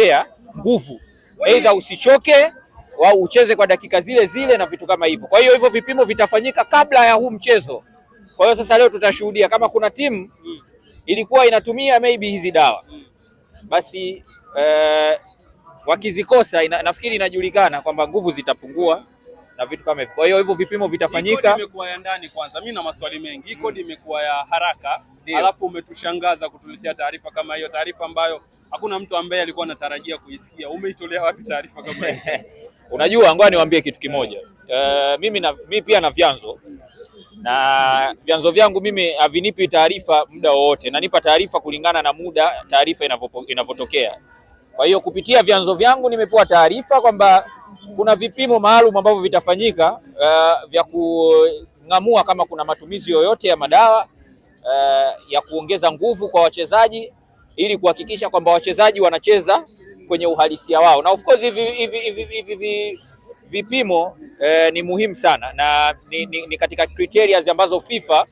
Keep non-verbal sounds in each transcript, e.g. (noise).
kukupea nguvu, aidha usichoke au ucheze kwa dakika zile zile na vitu kama hivyo. Kwa hiyo hivyo vipimo vitafanyika kabla ya huu mchezo. Kwa hiyo sasa leo tutashuhudia kama kuna timu ilikuwa inatumia maybe hizi dawa basi, eh, wakizikosa ina, nafikiri inajulikana kwamba nguvu zitapungua na vitu kama hivyo. Kwa hiyo hivyo vipimo vitafanyika. Kodi imekuwa ya ndani kwanza. Mimi na maswali mengi. Hii kodi imekuwa ya haraka, alafu umetushangaza kutuletea taarifa kama hiyo, taarifa ambayo hakuna mtu ambaye alikuwa anatarajia kuisikia. Umeitolea wapi taarifa kama hiyo? (laughs) Unajua, ngoja niwaambie kitu kimoja. Uh, mimi na mimi pia na vyanzo na vyanzo vyangu mimi havinipi taarifa muda wowote, nanipa taarifa kulingana na muda taarifa inavyotokea. Kwa hiyo kupitia vyanzo vyangu nimepewa taarifa kwamba kuna vipimo maalum ambavyo vitafanyika uh, vya kung'amua kama kuna matumizi yoyote ya madawa uh, ya kuongeza nguvu kwa wachezaji ili kuhakikisha kwamba wachezaji wanacheza kwenye uhalisia wao, na of course hivi hivi vipimo eh, ni muhimu sana na ni, ni, ni katika criteria ambazo FIFA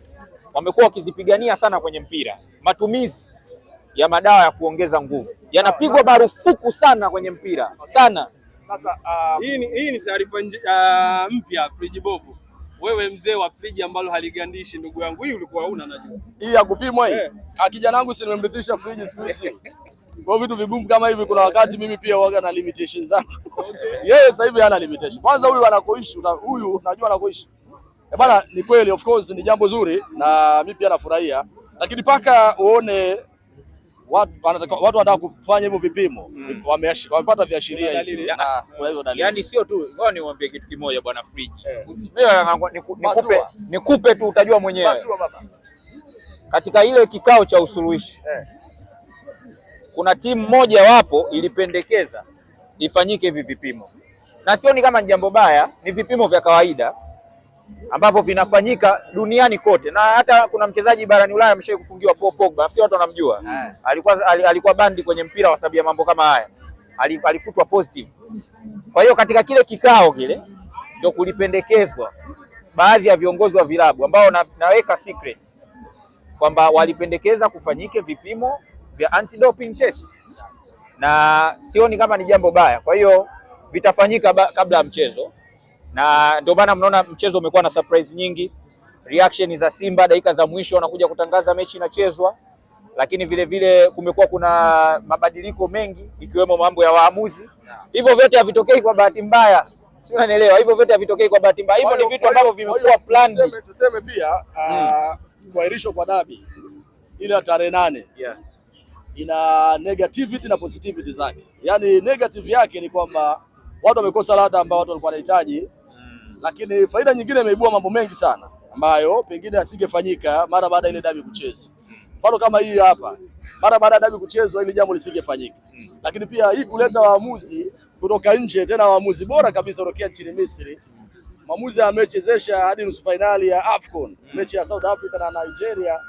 wamekuwa wakizipigania sana kwenye mpira. Matumizi ya madawa ya kuongeza nguvu yanapigwa marufuku sana kwenye mpira sana. Sasa, uh, hii ni, hii ni taarifa uh, mpya Friji Bovu wewe mzee wa friji ambalo haligandishi, ndugu yangu, hii ulikuwa una najua hii ya kupimwa hii yeah. Eh. Akija nangu si nimemrithisha friji siku hizi kwa vitu vigumu kama hivi. Kuna wakati mimi pia huaga na limitation zangu yeye. Sasa hivi hana limitation. Kwanza huyu anakoishi, huyu unajua anakoishi eh, bana, ni kweli, of course ni jambo zuri na mimi pia nafurahia, lakini paka uone Mm. watu wanataka kufanya hivyo vipimo mm. wamepata viashiria hivi na kwa dalili. Yani sio tu, ngoja niwaambie kitu kimoja bwana Friji. Eh. Mimi nikupe nikupe tu utajua mwenyewe. Katika ile kikao cha usuluhishi eh, kuna timu moja wapo ilipendekeza ifanyike hivi vipimo, na sioni kama ni jambo baya, ni vipimo vya kawaida ambavyo vinafanyika duniani kote, na hata kuna mchezaji barani Ulaya ameshawahi kufungiwa, Paul Pogba, nafikiri watu wanamjua ah. Alikuwa, alikuwa alikuwa bandi kwenye mpira kwa sababu ya mambo kama haya, alikutwa positive. Kwa hiyo katika kile kikao kile ndio kulipendekezwa baadhi ya viongozi wa vilabu ambao na, naweka secret kwamba walipendekeza kufanyike vipimo vya anti-doping test, na sioni kama ni jambo baya. Kwa hiyo vitafanyika kabla ya mchezo na ndio maana mnaona mchezo umekuwa na surprise nyingi, reaction za Simba dakika za mwisho wanakuja kutangaza mechi inachezwa, lakini vile vile kumekuwa kuna mabadiliko mengi ikiwemo mambo ya waamuzi. Hivyo vyote havitokei kwa bahati mbaya, si unanielewa? Hivyo vyote havitokei kwa bahati mbaya, hivyo ni vitu ambavyo vimekuwa planned. Tuseme, tuseme pia ah, hmm. kuahirishwa kwa dabi ile ya tarehe nane yes. ina negativity na positivity zake. Yaani negative yake ni kwamba watu wamekosa ladha ambayo watu walikuwa wanahitaji lakini faida nyingine imeibua mambo mengi sana ambayo pengine asingefanyika mara baada ile dabi kuchezwa. Mfano kama hii hapa, mara baada ya dabi kuchezwa hili jambo lisingefanyika. Lakini pia hii kuleta waamuzi kutoka nje, tena waamuzi bora kabisa kutoka nchini Misri, maamuzi amechezesha hadi nusu fainali ya AFCON mechi ya South Africa na Nigeria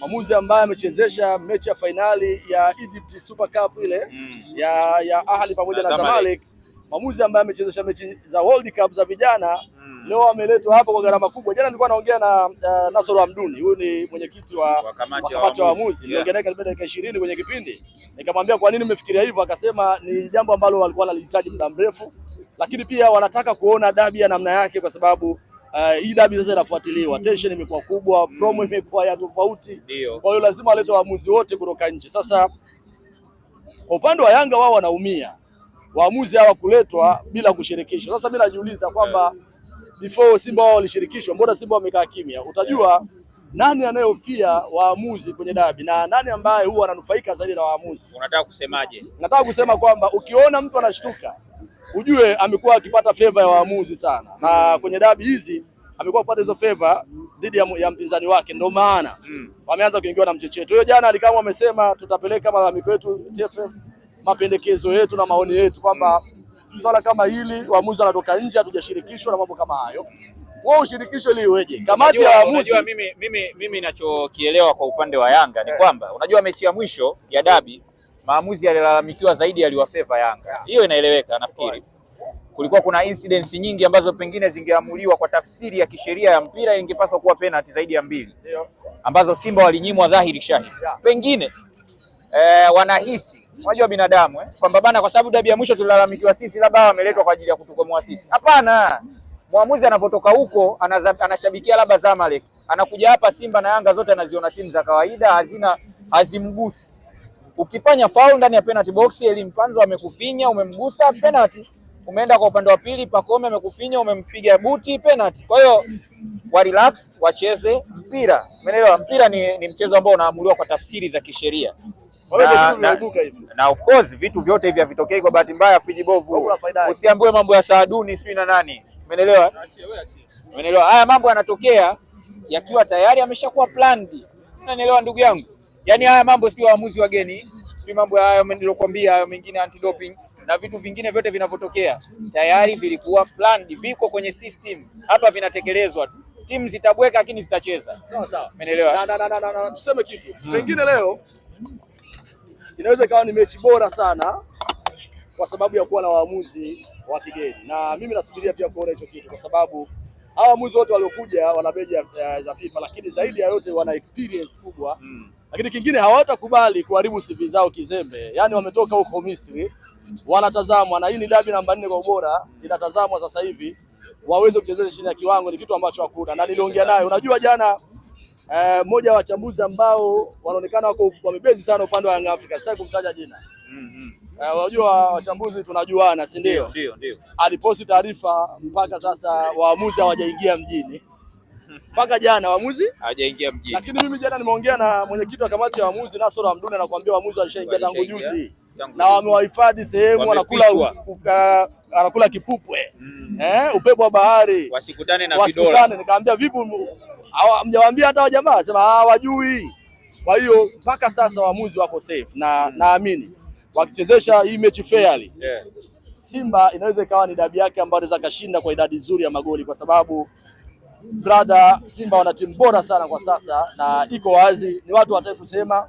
maamuzi ambaye amechezesha mechi ya fainali ya Egypt Super Cup ile ya ya Ahli pamoja na Zamalek, maamuzi ambaye amechezesha mechi za World Cup za vijana leo ameletwa hapa kwa gharama kubwa. Jana nilikuwa naongea na uh, Nasoro Hamduni, huyu ni mwenyekiti wa kamati ya waamuzi, niliongelea karibu dakika ishirini kwenye kipindi, nikamwambia kwa nini mmefikiria hivyo, akasema ni jambo ambalo walikuwa wanalihitaji muda mrefu, lakini pia wanataka kuona dabi ya namna yake, kwa sababu Uh, hii dabi sasa inafuatiliwa, tension imekuwa kubwa, promo mm. imekuwa ya tofauti, kwa hiyo lazima walete waamuzi wote kutoka nje. Sasa kwa upande wa Yanga wao wanaumia waamuzi hawa kuletwa bila kushirikishwa. Sasa mimi najiuliza kwamba yeah before Simba wao walishirikishwa, mbona Simba wamekaa kimya? Utajua nani anayehofia waamuzi kwenye dabi na nani ambaye huwa ananufaika zaidi na waamuzi. Unataka kusemaje? Nataka kusema kwamba ukiona mtu anashtuka ujue amekuwa akipata feva ya waamuzi sana, na kwenye dabi hizi amekuwa akipata hizo feva dhidi ya, ya mpinzani wake, ndio maana mm, wameanza kuingiwa na mchecheto. Hiyo jana alikamwa amesema tutapeleka malalamiko yetu TFF, mapendekezo yetu na maoni yetu kwamba mm swala kama hili, waamuzi wanatoka nje, hatujashirikishwa na mambo kama hayo. Wewe ushirikisho ili iweje? Kamati ya waamuzi. Unajua mimi mimi mimi ninachokielewa kwa upande wa Yanga ni eh. kwamba unajua mechi ya mwisho ya dabi maamuzi yalilalamikiwa zaidi yaliwafeva Yanga, hiyo inaeleweka. Nafikiri kulikuwa kuna incidents nyingi ambazo pengine zingeamuliwa kwa tafsiri ya kisheria ya mpira, ingepaswa kuwa penalty zaidi ya mbili ambazo Simba walinyimwa dhahiri shahidi, pengine eh, wanahisi unajua binadamu eh, kwamba bana, kwa sababu dabi ya mwisho tulilalamikiwa sisi, labda wameletwa kwa ajili ya kutukomoa sisi. Hapana, mwamuzi anapotoka huko anashabikia labda Zamalek, anakuja hapa Simba na Yanga zote anaziona timu za kawaida, hazina hazimgusi. Ukifanya faul ndani ya penalty box, Elimpanzo amekufinya umemgusa, penalty. Umeenda kwa upande wa pili, Pakome amekufinya umempiga buti, penalty. Kwa hiyo wa relax wacheze mpira, umeelewa? Mpira ni, ni mchezo ambao unaamuliwa kwa tafsiri za kisheria na, na, na of course vitu vyote hivi havitokei kwa bahati mbaya. Friji bovu, usiambue mambo ya saaduni sijui na nani, umeelewa? Umeelewa? Haya mambo yanatokea yakiwa tayari ameshakuwa planned, unanielewa ndugu yangu? Yaani haya mambo sio waamuzi wageni, sio mambo hayo nilokuambia hayo mengine, anti doping na vitu vingine vyote vinavyotokea tayari vilikuwa planned, viko kwenye system hapa, vinatekelezwa tu timu zitabweka lakini zitacheza sawa sawa, umeelewa? Na, na, na, na, na, tuseme kitu pengine leo inaweza ikawa ni mechi bora sana kwa sababu ya kuwa na waamuzi wa kigeni, na mimi nasubiria pia kuona hicho kitu, kwa sababu hawa waamuzi wote waliokuja wana beji za FIFA, lakini zaidi ya yote wana experience kubwa mm. Lakini kingine hawatakubali kuharibu CV zao kizembe, yaani wametoka huko Misri wanatazamwa, na hii ni dabi namba nne kwa ubora inatazamwa sasa hivi, waweze kuchezea chini ya kiwango, ni kitu ambacho hakuna, na niliongea naye, unajua jana mmoja eh, wa wachambuzi ambao wanaonekana wako wamebezi sana upande wa Young Africa, sitaki kumtaja jina. Unajua mm-hmm. eh, wachambuzi tunajuana, si ndio? Aliposti taarifa, mpaka sasa waamuzi hawajaingia mjini mpaka jana waamuzi hawajaingia mjini, lakini mimi jana nimeongea na mwenyekiti wa kamati ya waamuzi Nasoro Hamduni, anakuambia waamuzi walishaingia tangu juzi na wamewahifadhi sehemu, wanakula anakula kipupwe mm. eh, upepo wa bahari, wasikutane na vidola. Nikamwambia vipi, mjawaambia hata wajamaa? Anasema ah, hawajui. Kwa hiyo mpaka sasa waamuzi wako safe na mm. naamini wakichezesha hii mechi fairly yeah. Simba inaweza ikawa ni dabi yake ambayo anaweza kashinda kwa idadi nzuri ya magoli, kwa sababu brother, Simba wana timu bora sana kwa sasa na iko wazi, ni watu wataki kusema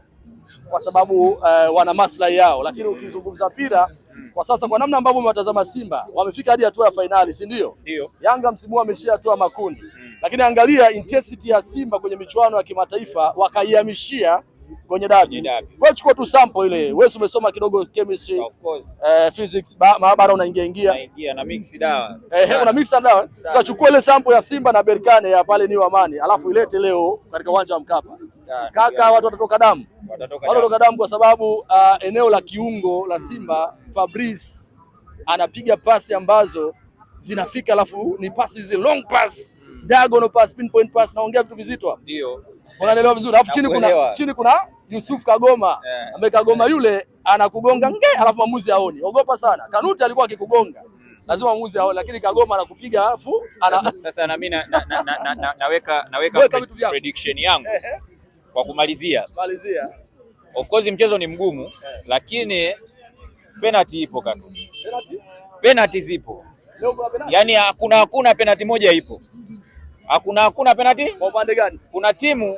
kwa sababu uh, wana maslahi yao, lakini mm. ukizungumza mpira mm. kwa sasa, kwa namna ambavyo umewatazama Simba wamefika hadi hatua ya fainali, si ndio? Yanga msimu huu ameshia hatua makundi mm. Lakini angalia intensity ya Simba kwenye michuano ya kimataifa wakaihamishia kwenye dabi. Wewe chukua tu sample ile, wewe umesoma kidogo chemistry, eh, physics, maabara unaingia ingia unaingia na mix dawa eh, eh una mix dawa. Sasa chukua ile sample ya Simba na Berkane ya pale ni Amani, alafu ilete leo katika uwanja wa Mkapa, kaka watu watatoka damu watatoka damu kwa sababu uh, eneo la kiungo la Simba Fabrice anapiga pasi ambazo zinafika, alafu ni pasi hizi long pass, diagonal pass, pinpoint pass, naongea vitu vizito hapa, ndio unaelewa vizuri. Alafu chini kuna, chini kuna Yusuf Kagoma yeah, ambaye Kagoma eh. yule anakugonga nge, alafu mwamuzi aoni, ogopa sana. Kanuti alikuwa akikugonga lazima muzi aoni lakini Kagoma anakupiga alafu ana... Sasa na mimi na, na, na, na, na, naweka naweka prediction yangu kwa kumalizia malizia Of course mchezo ni mgumu, lakini penalty ipo kaka. Penalty? Penalty zipo. Yaani hakuna hakuna penalty moja ipo. Hakuna hakuna penalty? Kwa upande gani? Kuna timu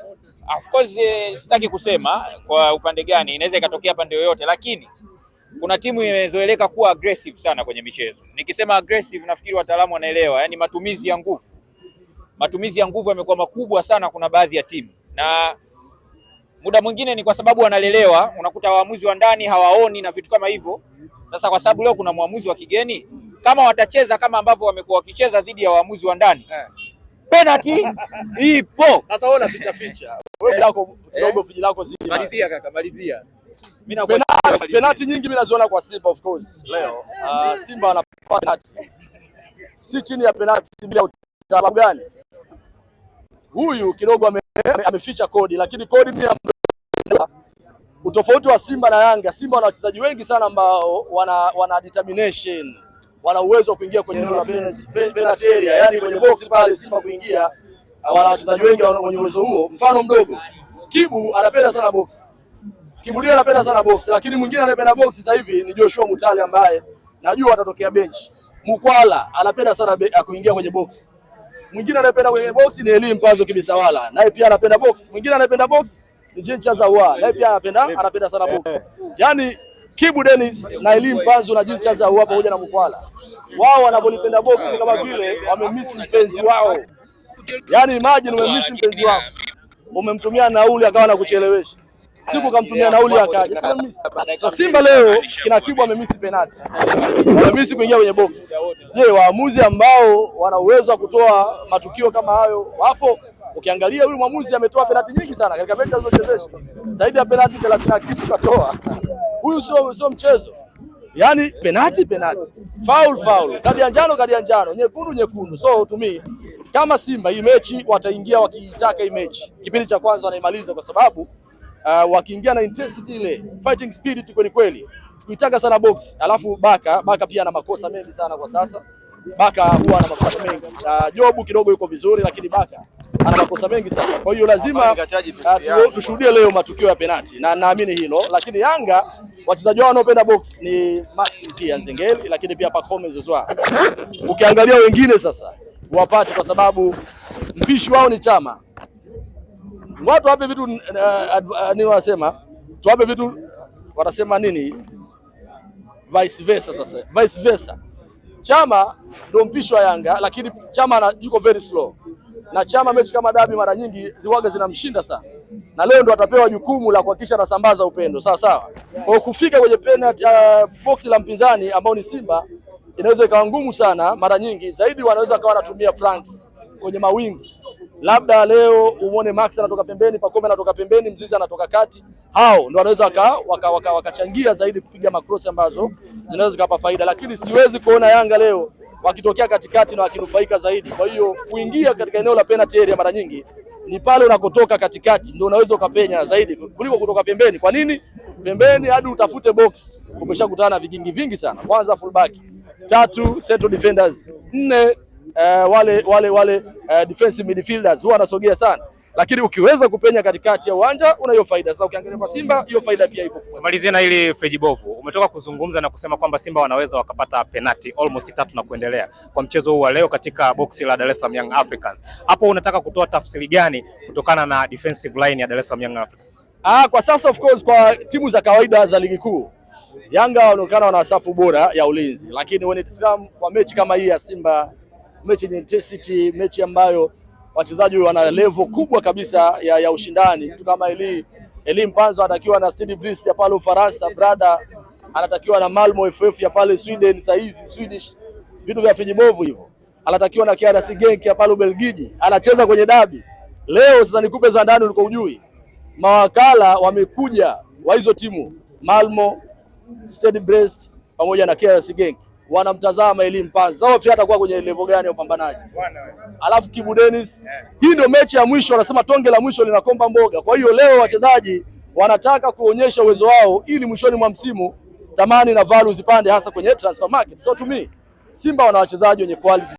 of course eh, sitaki kusema kwa upande gani, inaweza ikatokea pande yoyote, lakini kuna timu imezoeleka kuwa aggressive sana kwenye michezo. Nikisema aggressive, nafikiri wataalamu wanaelewa, yaani matumizi ya nguvu, matumizi ya nguvu yamekuwa makubwa sana, kuna baadhi ya timu na Muda mwingine ni kwa sababu wanalelewa, unakuta waamuzi wa ndani hawaoni na vitu kama hivyo. Sasa kwa sababu leo kuna mwamuzi wa kigeni, kama watacheza kama ambavyo wamekuwa wakicheza dhidi ya waamuzi wa ndani yeah. Penalty ipo. Sasa wewe unaficha ficha. Wewe eh. Eh. lako fiji lako Malizia kaka, malizia. nyingi mimi naziona kwa Simba of course leo. Uh, Simba wana penalty. Si chini ya penalty bila sababu gani? huyu kidogo ame, ameficha kodi, lakini kodi mia utofauti wa Simba na Yanga, Simba wana wachezaji wengi sana ambao wana, wana determination wana uwezo wa kuingia kwenye eneo la penalty area, yani kwenye box pale Simba kuingia, wana wachezaji wengi wana kwenye uwezo huo. Mfano mdogo, Kibu anapenda sana box, Kibulia anapenda sana box, lakini mwingine anapenda box sasa hivi ni Joshua Mutale ambaye najua atatokea bench mkwala anapenda sana kuingia kwenye box. Mwingine anayependa kwenye box ni Elim Pazo Kibisawala, naye pia anapenda box. Mwingine anayependa box ni Jean Chazawa, naye pia anapenda anapenda sana box. Eh. Yani Kibu Dennis na elimu Pazo na Jean Chazawa pamoja na Mkwala, wao wanapolipenda box ni kama vile wamemiss mpenzi wao. yani imagine umemiss mpenzi wako, umemtumia nauli akawa anakuchelewesha siku eh, kamtumia nauli akaja. Simba leo kinakibu amemisi penati, amemisi kuingia kwenye box. Je, waamuzi ambao wana uwezo wa kutoa matukio kama hayo wapo? Ukiangalia huyu mwamuzi ametoa penati nyingi sana katika mechi alizochezesha, zaidi ya penati thelathini na kitu katoa. (laughs) Huyu sio sio mchezo. Yaani penati penati, faul faul, kadi ya njano kadi ya njano, nyekundu nyekundu. So to kama Simba hii mechi wataingia wakiitaka hii mechi, kipindi cha kwanza wanaimaliza, kwa sababu uh, wakiingia na intensity ile fighting spirit kweli kweli, kuitaka sana box. Alafu Baka Baka pia ana makosa mengi sana kwa sasa. Baka huwa ana makosa mengi uh, Jobu kidogo yuko vizuri, lakini Baka ana makosa mengi sana. Kwa hiyo lazima uh, tushuhudie leo matukio ya penati na naamini hilo, lakini Yanga wachezaji wao wanaopenda box ni Maxi pia Nzengeli, lakini pia Pacome Zouzoua. Ukiangalia wengine sasa wapate, kwa sababu mpishi wao ni Chama watu wape vitu uh, uh, nini wanasema, tuwape vitu wanasema nini, vice versa. Sasa vice versa, Chama ndio mpishi wa Yanga, lakini Chama yuko very slow na Chama mechi kama dabi mara nyingi ziwaga zinamshinda sana, na leo ndo atapewa jukumu la kuhakikisha anasambaza upendo sawa sawa. Kwa kufika kwenye penalty uh, box la mpinzani ambao ni Simba inaweza ikawa ngumu sana. Mara nyingi zaidi wanaweza wakawa wanatumia flanks kwenye mawings labda leo umwone Max anatoka pembeni, Pacome anatoka pembeni, Mzizi anatoka kati. Hao ndio wanaweza wakachangia waka, waka, waka zaidi kupiga makrosi ambazo zinaweza zikapa faida, lakini siwezi kuona Yanga leo wakitokea katikati na wakinufaika zaidi. Kwa hiyo kuingia katika eneo la penalty area mara nyingi ni pale unakotoka katikati ndio unaweza ukapenya zaidi kuliko kutoka pembeni. Kwa nini? Pembeni hadi utafute box umeshakutana na vigingi vingi sana, kwanza fullback tatu, central defenders nne eh, wale wale wale eh, defensive midfielders huwa wanasogea sana, lakini ukiweza kupenya katikati ya uwanja una hiyo faida. Sasa ukiangalia kwa Simba hiyo faida pia ipo. Malizia na hili Feji Bovu, umetoka kuzungumza na kusema kwamba Simba wanaweza wakapata penati almost tatu na kuendelea kwa mchezo huu wa leo katika boksi la Dar es Salaam Young Africans. Hapo unataka kutoa tafsiri gani kutokana na defensive line ya Dar es Salaam Young Africans? Ah, kwa sasa of course kwa timu za kawaida za ligi kuu Yanga wanaonekana wana safu bora ya ulinzi, lakini when it comes kwa mechi kama hii ya Simba mechi yenye intensity, mechi ambayo wachezaji wana level kubwa kabisa ya, ya ushindani. Mtu kama Eli Eli Mpanzo anatakiwa na Stade Brest ya pale Ufaransa, brother anatakiwa na Malmo FF ya pale Sweden, saa hizi Swedish, vitu vya fijibovu hivyo, anatakiwa na KRC Genk ya pale Ubelgiji, anacheza kwenye dabi leo. Sasa nikupe za ndani uliko ujui, mawakala wamekuja wa hizo timu Malmo, Stade Brest pamoja na KRC Genk wanamtazama ili mpanzi Sasa Ofia atakuwa kwenye level gani ya upambanaji? Alafu Kibu Dennis, hii ndio mechi ya mwisho, wanasema tonge la mwisho linakomba mboga. Kwa hiyo leo wachezaji wanataka kuonyesha uwezo wao ili mwishoni mwa msimu thamani na value zipande, hasa kwenye transfer market. So to me Simba wana wachezaji wenye quality.